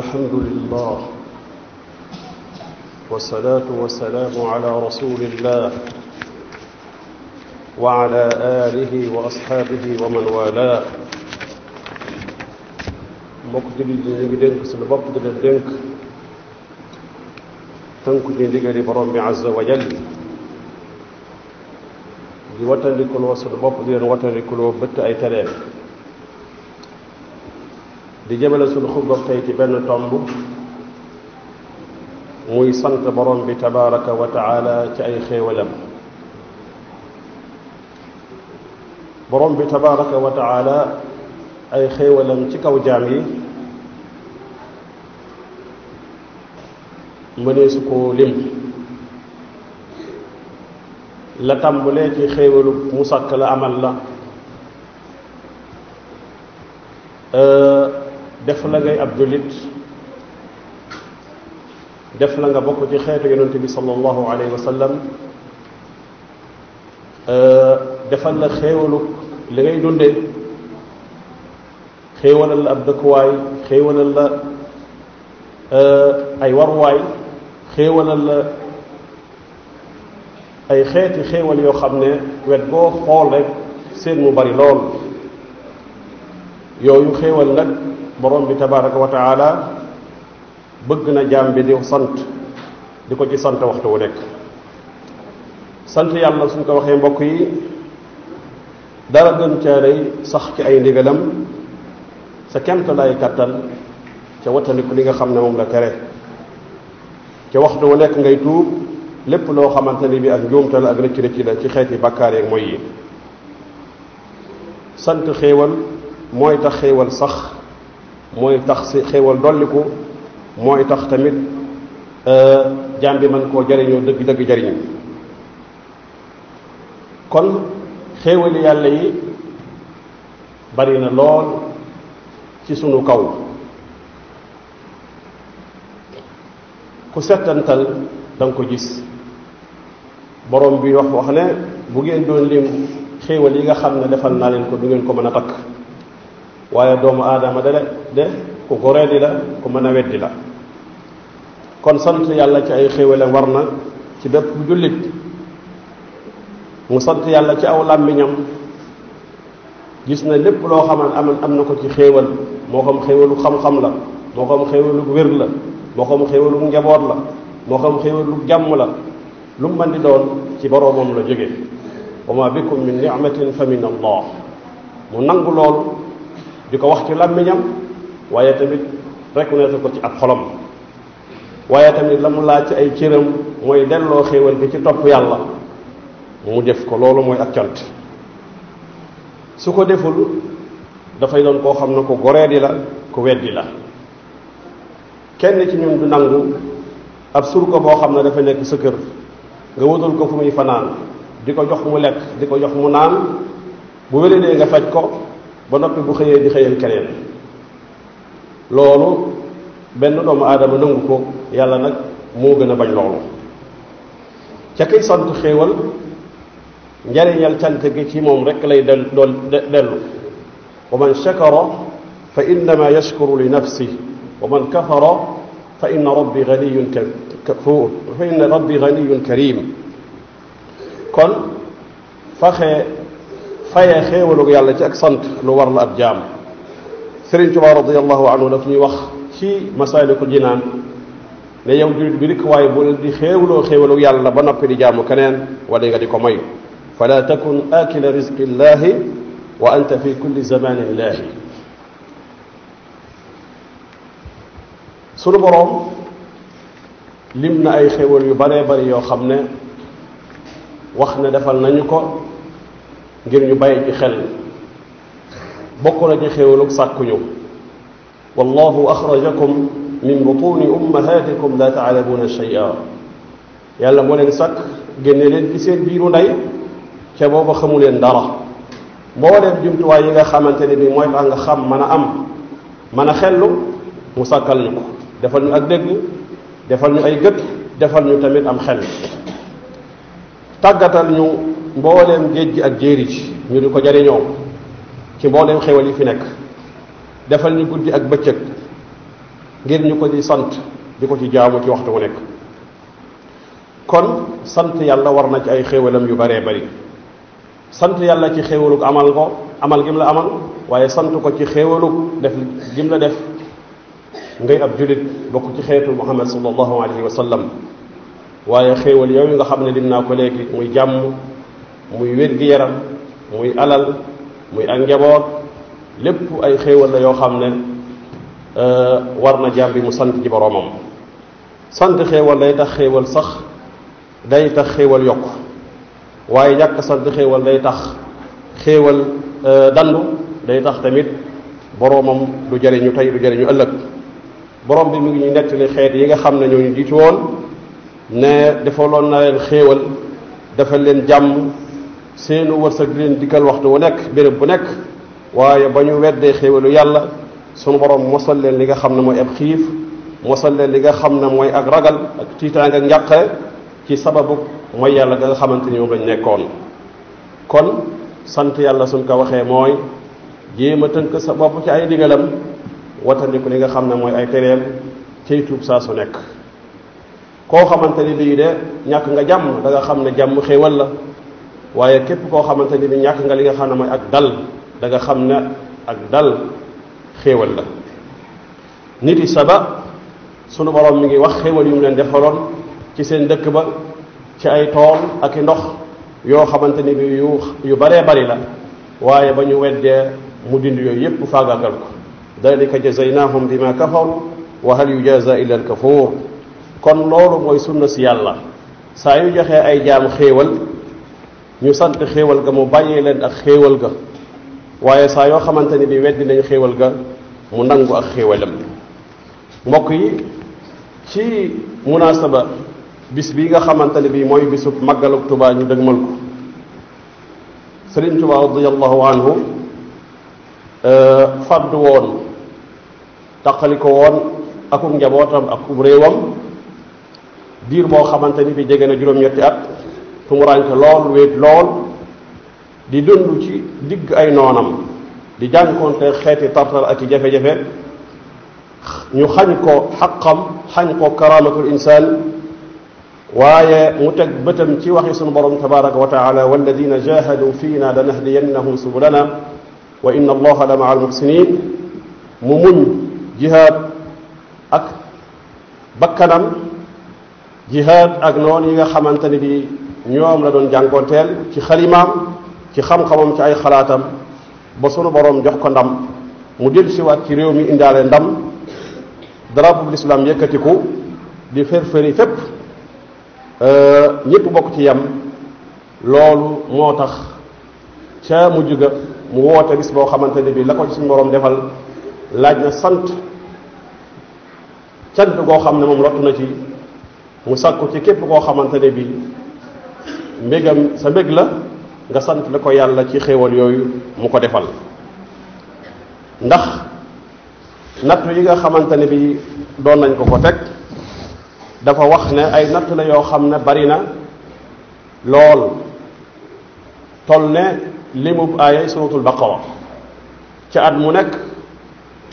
الحمد لله والصلاة والسلام على رسول الله وعلى آله وأصحابه ومن والاه mbokk jullit yi ñu ngi dénk suñu bopp di leen dénk tënku ci ndigali borom bi azza wa jal di wattandikuloo suñu bopp di leen wattandikuloo bëtt ay tereem di jëmale suñu xutbab tey ci benn tomb muy sant borom bi tabaraka wa taala ci ay xéewalam borom bi tabaraka wa taala ay xéewalam ci kaw jaam yi mëneesu koo lim la tàmbalee ci xéewalu mu sàkk la la euh, def la ngay ab jullit def la nga bokk ci xeetu yonent bi sallallahu alayhi wa sallam euh, defal la xéewalu li ngay dundee xéewalal la ab dëkkuwaay xéewalal la euh, ay waruwaay xéewalal la ay xeeti xéewal yoo xam ne wet boo xool seen mu bari lool yooyu xéewal nag borom bi tabaraka wa taala bëgg na jaam bi di sant di ko ci sant waxtu wu nekk sant yàlla suñ ko waxee mbokk yi dara gën ca lay sax ci ay ndigalam sa kemt lay kàttan ca wattandiku li nga xam ne moom la tere ca waxtu wu nekk ngay tuub lépp loo xamante ni bi ak njuumte la ak rëcc ci la ci xeeti bàkkaar yeeg yi sant xéewal mooy tax xéewal sax mooy tax si xéewal dolliku mooy tax tamit euh, jaam bi man koo jariñoo dëgg dëgg jariñu kon xéewali yàlla yi bari na lool ci sunu kaw ku setantal da ko gis borom bi wax wax ne bu ngeen doon lim xéewal yi nga xam ne defal naa leen ko du ngeen ko mën a takk waaye doomu aadama de de ku goree di la ku mën a weddi la kon sant yàlla ci ay xéewalam war na ci bépp jullit mu sant yàlla ci aw làmmiñam gis na lépp loo xaman am am na ko ci xéewal moo xam xéewalu xam-xam la moo xam xéewalu wér la moo xam xéewalu njaboot la moo xam xéewalu jàmm la lu mu mën di doon ci boroomam la jóge wa ma bikum min ni'matin fa min allah mu nangu loolu di ko wax ci làmmiñam waaye tamit reconnaître ko ci ab xolam waaye tamit la mu laaj ci ay cëram mooy delloo xéewal bi ci topp yàlla mu def ko loolu mooy ak cant su ko deful dafay doon koo xam ne ko goree di la ku weddi la kenn ci ñun du nangu ab surga boo xam ne dafa nekk sa kër nga wutal ko fu muy fanaan di ko jox mu lekk di ko jox mu naan bu wéradee nga faj ko ba noppi bu xëyee di xëyal keneen benn doomu aadama nangu ko yàlla nag moo gën a bañ loolu ca kay sant xéewal njariñal cant gi ci moom rek lay del doon dellu wa man shakara fa innama yashkuru li nafsi wa man kafara fa inna karim kon faxe fayee xéewalug yàlla ci ak sant lu war la ab jaam Sëriñ Tuubaa radiallahu anhu daf ñuy wax ci masaalikul jinaan ne yow jullit bi rek waaye bu di xéewloo xéewalug yàlla ba noppi di jaamu keneen wala nga di ko fala takun akila rizqi llahi wa anta fi kulli zamanin laahi sunu boroom lim na ay xéewal yu baree bari yoo xam ne wax ne defal nañu ko ngir ñu bàyyi ci xel bokk na ci xéewalug sàkku ñu wallahu axrajakum min butuni ummahatikum la taalamuuna shay'a yàlla moo leen sàkk génne leen ci seen biiru ndey ca booba xamu leen dara mbooleem jumtuwaay yi nga xamante ne bi mooy tax nga xam mën a am mën a xellu mu sàkkal ñu ko defal ñu ak dégg defal ñu ay gët defal ñu tamit am xel tàggatal ñu mbooleem géej gi ak jéeri ji ñu di ko jariñoo ci mbooleem xewal yi fi nekk defal ñu guddi ak bëccëg ngir ñu ko di sant di ko ci jaamu ci waxtu wu nekk kon sant yàlla war na ci ay xewalam yu baree bari sant yàlla ci xewalug amal ko amal gim la amal waaye sant ko ci xéwalug def gim la def ngay ab julit bokk ci xeetu muhammad sallallahu alayhi wa sallam waaye xéwal yi nga xam ne lim naa ko léegi muy jàmm muy wér-gi-yaram muy alal muy ak njaboot lépp ay xéewal la yoo xam ne euh, war na jàmbi mu sant ci boroomam sant xéewal day tax xéewal sax day tax xéewal yokk waaye ñàkk sant xéewal day tax xéewal euh, dandu day tax tamit boroomam du jariñu tey du jariñu ëllëg borom bi mu ngi ñu nettali xeet yi nga xam ne ñoo ñu jiitu woon ne defaloon na leen xéewal defal leen jàmm seenu wërsëg leen dikkal waxtu wu nekk béréb bu nekk waaye ba ñu weddee xéewalu yàlla su borom mosal leen li nga xam ne mooy ab xiif mosal leen li nga xam ne mooy ak ragal ak tiitaange ak ci sababu mooy yàlla nga xamante ni moom nekkoon kon sant yàlla suñ ko waxee mooy jéem a tënk sa bopp ci ay digalam watandiku li nga xam ne mooy ay tereem cay tuub saa su nekk koo xamante ni lii de ñàkk nga jàmm danga xam ne jàmm xéewal la waaye képp koo xamante ni bi ñàkk nga li nga xam ne mooy ak dal danga xam ne ak dal xéewal la nit yi saba sunu borom mu ngi wax xéewal yu mu leen defaloon ci seen dëkk ba ci ay tool ak i ndox yoo xamante ni bi yu yu baree bari la waaye ba ñu weddee mu dindi yooyu yépp faagaagal ko dalika jazaynahum bima kafaru wa hal yujaza illa al kon loolu mooy sunna si yàlla saa yu joxee ay jaam xéewal ñu sant xéewal ga mu bàyyee leen ak xéewal ga waaye saa yoo xamante ni bi weddi nañ xéewal ga mu nangu ak xéewalam mbokk yi ci munaasaba bis bi nga xamante ne bi mooy bisub màggalug tubaa ñu dëgmal ko Sëriñ Tuubaa radiyallahu anhu euh, fàddu woon taqali ko woon akum njabootam ak um réewam diir boo xamante ni bi jege na juróom-ñetti at tumuranke lool wéet lool di dund ci digg ay noonam di jànkoonte xeeti tartar ak i jafe-jafe ñu xañ ko xaqam xañ ko karamatul insaan waaye mu teg bëtam ci waxi sunu borom tabaraka wa taala walladina jahadu fiina lanahdiyannahum subulana wa inna allaha la maa almuxsinin mu muñ jihaad ak bakkanam jihaad ak noon yi nga xamante ni bi ñoom la doon jànkoonteel ci xalimaam ci xam-xamam ci ay xalaatam ba sunu boroom jox ko ndam mu dellu siwaat ci réew mi indaale ndam drapeau bu lislaam yëkkatiku di fër-fëri fépp euh, ñépp bokk ci yam loolu moo tax ca mu juga mu woote bis boo xamante ne bi la ko ci suñu boroom defal laaj na sant cant goo xam ne moom lottu na ci mu sàkku ci képp koo xamante ne bi mbégam sa mbég la nga sant la ko yàlla ci xéewal yooyu mu ko defal ndax nattu yi nga xamante ne bi doon nañ ko ko teg dafa wax ne ay natt la yoo xam ne bari na lool toll ne limub aaya suratul baqara ca at mu nekk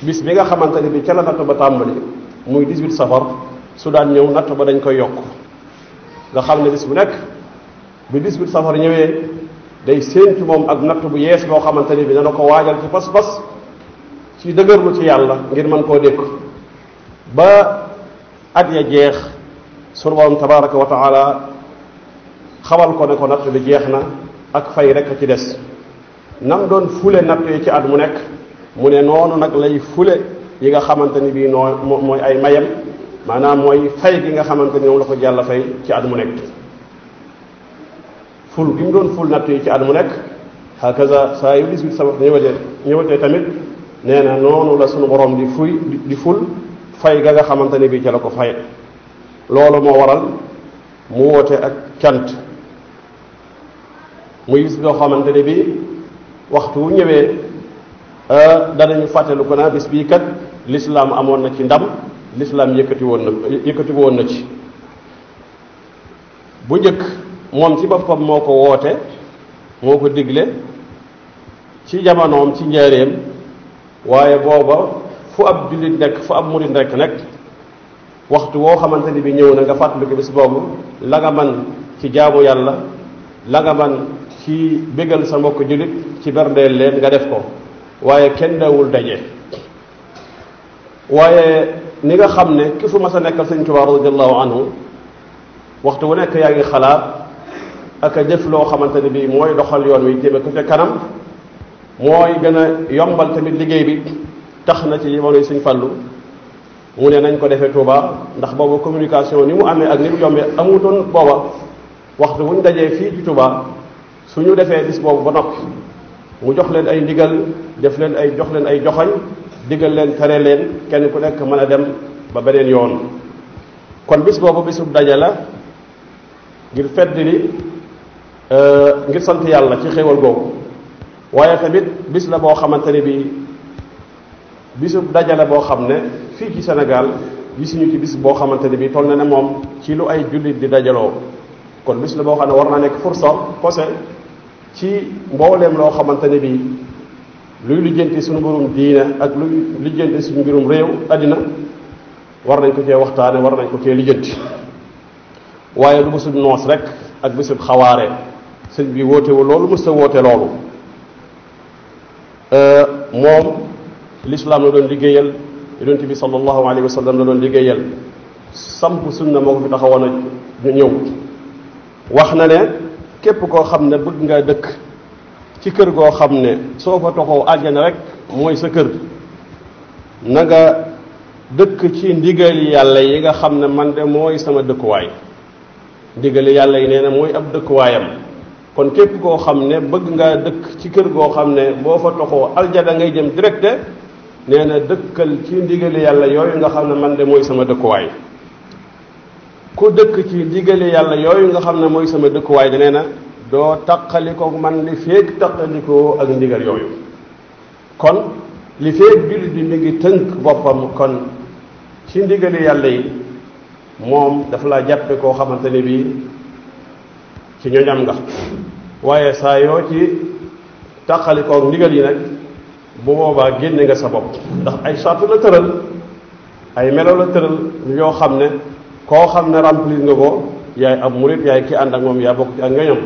bis bi nga xamante ne bi ca la natt ba tàmbali muy 18 safar su daan ñëw natt ba dañ koy yokk nga xam ne bis bu nekk bi 18 safar ñëwee day séentu moom ak natt bu yees boo xamante ni bi dana ko waajal ci pas-pas ci dëgërlu ci yàlla ngir man koo dékk ba at ya jeex sunu borom tabaraka wa taala ko ne ko natt bi jeex na ak fay rek ci des nam doon fule natt yi ci at mu nekk mu ne noonu nag lay fule yi nga xamante ni bii noo mooy ay mayam maanaam mooy fay gi nga xamante ni moom la ko jàll fay ci at mu nekk ful bi mu doon ful natt yi ci at mu nekk hakaza saa yu dix-huit sama ñëwatee ñëwatee tamit nee na noonu la suñu borom di fuy di ful fay ga nga xamante ne bii ca la ko fay loolu moo waral mu woote ak cant muy bis boo xamante ne bii waxtu wu ñëwee ah, danañu fàttelu ko naa bis bii kat lislaam amoon na ci ndam lislaam yëkkati woon na yëkkati woon na ci bu njëkk moom ci boppam moo ko woote moo ko digle ci jamonoom ci njaareem waaye booba fu ab jullit nekk fu ab murit nekk nekk waxtu woo xamante ni bi ñëw na nga fàttaliku bis boobu la nga man ci jaamu yàlla la nga man ci bégal sa mbokk jullit ci berndeel leen nga def ko waaye kenn dawul daje waaye ni nga xam ne ki fu mas a nekkal sëñ Tuubaa radiyallahu anhu waxtu wu nekk yaa ngi xalaat ak a jëf loo xamante ne bii mooy doxal yoon wi jëme ko ca kanam mooy gën a yombal tamit liggéey bi tax na ci jamono yi suñ fàllu mu ne nañ ko defee Touba ndax boobu communication ni mu amee ak ni mu yombee amutoon booba waxtu bu ñu dajee fii ci Touba su ñu defee bis boobu ba noppi mu jox leen ay ndigal def leen ay jox leen ay joxoñ digal leen tere leen kenn ku nekk mën a dem ba beneen yoon kon bis boobu bisub daje la ngir fedd li Euh, ngir sant yàlla ci xewal googu waaye tamit bis la boo xamante ne bi bisu dajale boo xam ne fii ci Sénégal gisuñu ci bis boo xamante ne bi toll na ne moom ci lu ay jullit di dajaloo kon bis la boo xam ne war naa nekk fursa posé ci mbooleem loo xamante ne bi luy lijjanti suñu mbirum diine ak luy lijjanti suñu mbirum réew àddina war nañ ko cee waxtaane war nañ ko cee lijjanti waaye lu bisub noos rek ak bisub xawaare sëñ bi woote loolu mës a woote loolu euh, moom lislaam la doon liggéeyal yonent bi sallallahu alayhi wa sallam la doon liggéeyal samp sunna moo ko fi taxawoon a ñëw wax na ne képp koo xam ne but nga dëkk ci kër goo xam ne soo fa toxoo àjjana rek mooy sa kër na dëkk ci ndigali yàlla yi nga xam ne man de mooy sama dëkkuwaay ndigali yàlla yi nee na mooy ab dëkkuwaayam kon képp koo xam ne bëgg nga dëkk ci kër goo xam ne boo fa toxoo aljada ngay jëm directe nee na dëkkal ci ndigali yàlla yooyu nga xam ne man de mooy sama dëkkuwaay ku dëkk ci ndigali yàlla yooyu nga xam ne mooy sama dëkkuwaay de nee na doo taqaliko man li feeg taqalikoo ak ndigal yooyu kon li feeg jullit bi mi ngi tënk boppam kon ci ndigali yàlla yi moom dafa laa jàppe koo xamante ne bii ci ñooñ am nga waaye saa yoo ci tàqalikook ndigal yi nag bu boobaa génne nga sa bopp ndax ay sartu la tëral ay melo la tëral yoo xam ne koo xam ne remplir nga ko yaay am murit yaay ki ànd ak moom yaa bokk ci ak ngañam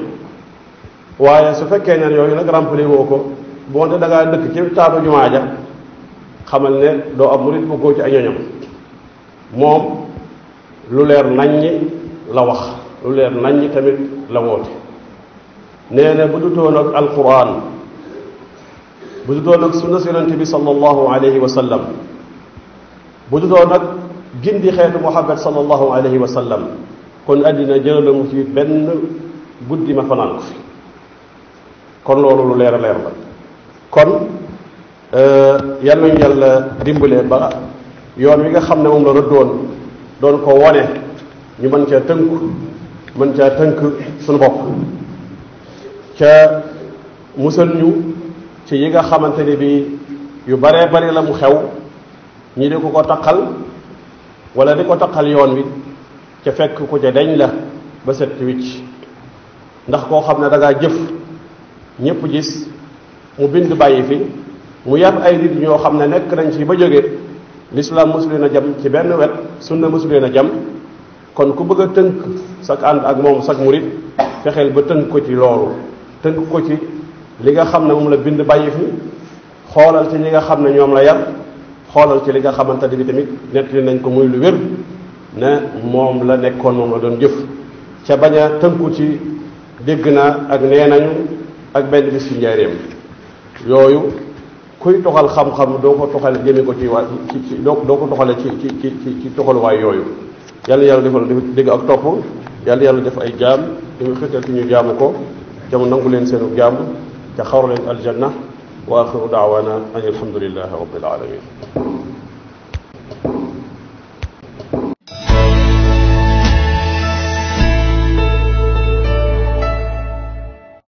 waaye su fekkee ne yooyu nag remplir woo ko bonte da ngaa dëkk ci taatu jumaa ja xamal ne doo ab murit bokkoo ci ak ñoñam moom lu leer naññi la wax lu leer nañ tamit la woote nee na bu du doon sunna si yonente bi sallallahu alayhi wa sallam bu du doon ak gindi xeetu muhammad sallallahu wa sallam kon àddina jëralamu ci benn guddi ma fanaan ko fi kon loolu lu leer a leer la kon eh, yal nañu yàlla dimbalee yoon wi nga xam ne moom la rëddoon doon ko wone ñu mën cee tënku mën caa tënk suñu bopp ca musal ñu ci yi nga xamante ne bi yu baree bari la mu xew ñi di ko ko taqal wala di ko taqal yoon wi ca fekk ku ca deñ la ba set wicc ndax koo xam ne da jëf ñépp gis mu bind bàyyi fi mu yar ay nit ñoo xam ne nekk nañ ci ba jóge lislaam mosuleen a jam ci benn wet sunna mosuleen a jam kon ku bëgg a tënk sak ànd ak moom sak murit fexeel ba tënk ko ci loolu tënk ko ci li nga xam ne moom la bind bàyyi fi xoolal ci li nga xam ne ñoom la yar xoolal ci li nga xamante ne bi tamit nettali nañ ko muy lu wér ne moom la nekkoon moom la doon jëf ca bañ a tënku ci dégg naa ak nee nañu ak benn bis ci njaareem yooyu kuy toxal xam-xam doo ko toxal jëme ko ci waa ci doo ko toxale ci ci ci ci toxaluwaay yooyu yàlla yàlla defal dégg ak topp yàlla yàlla def ay jaam di nga xëccal ci ñu jaamu ko te mu nangu leen seenu jaam te xawra leen aljanna wa axiru daawaana an alhamdulilahi rabbil alamin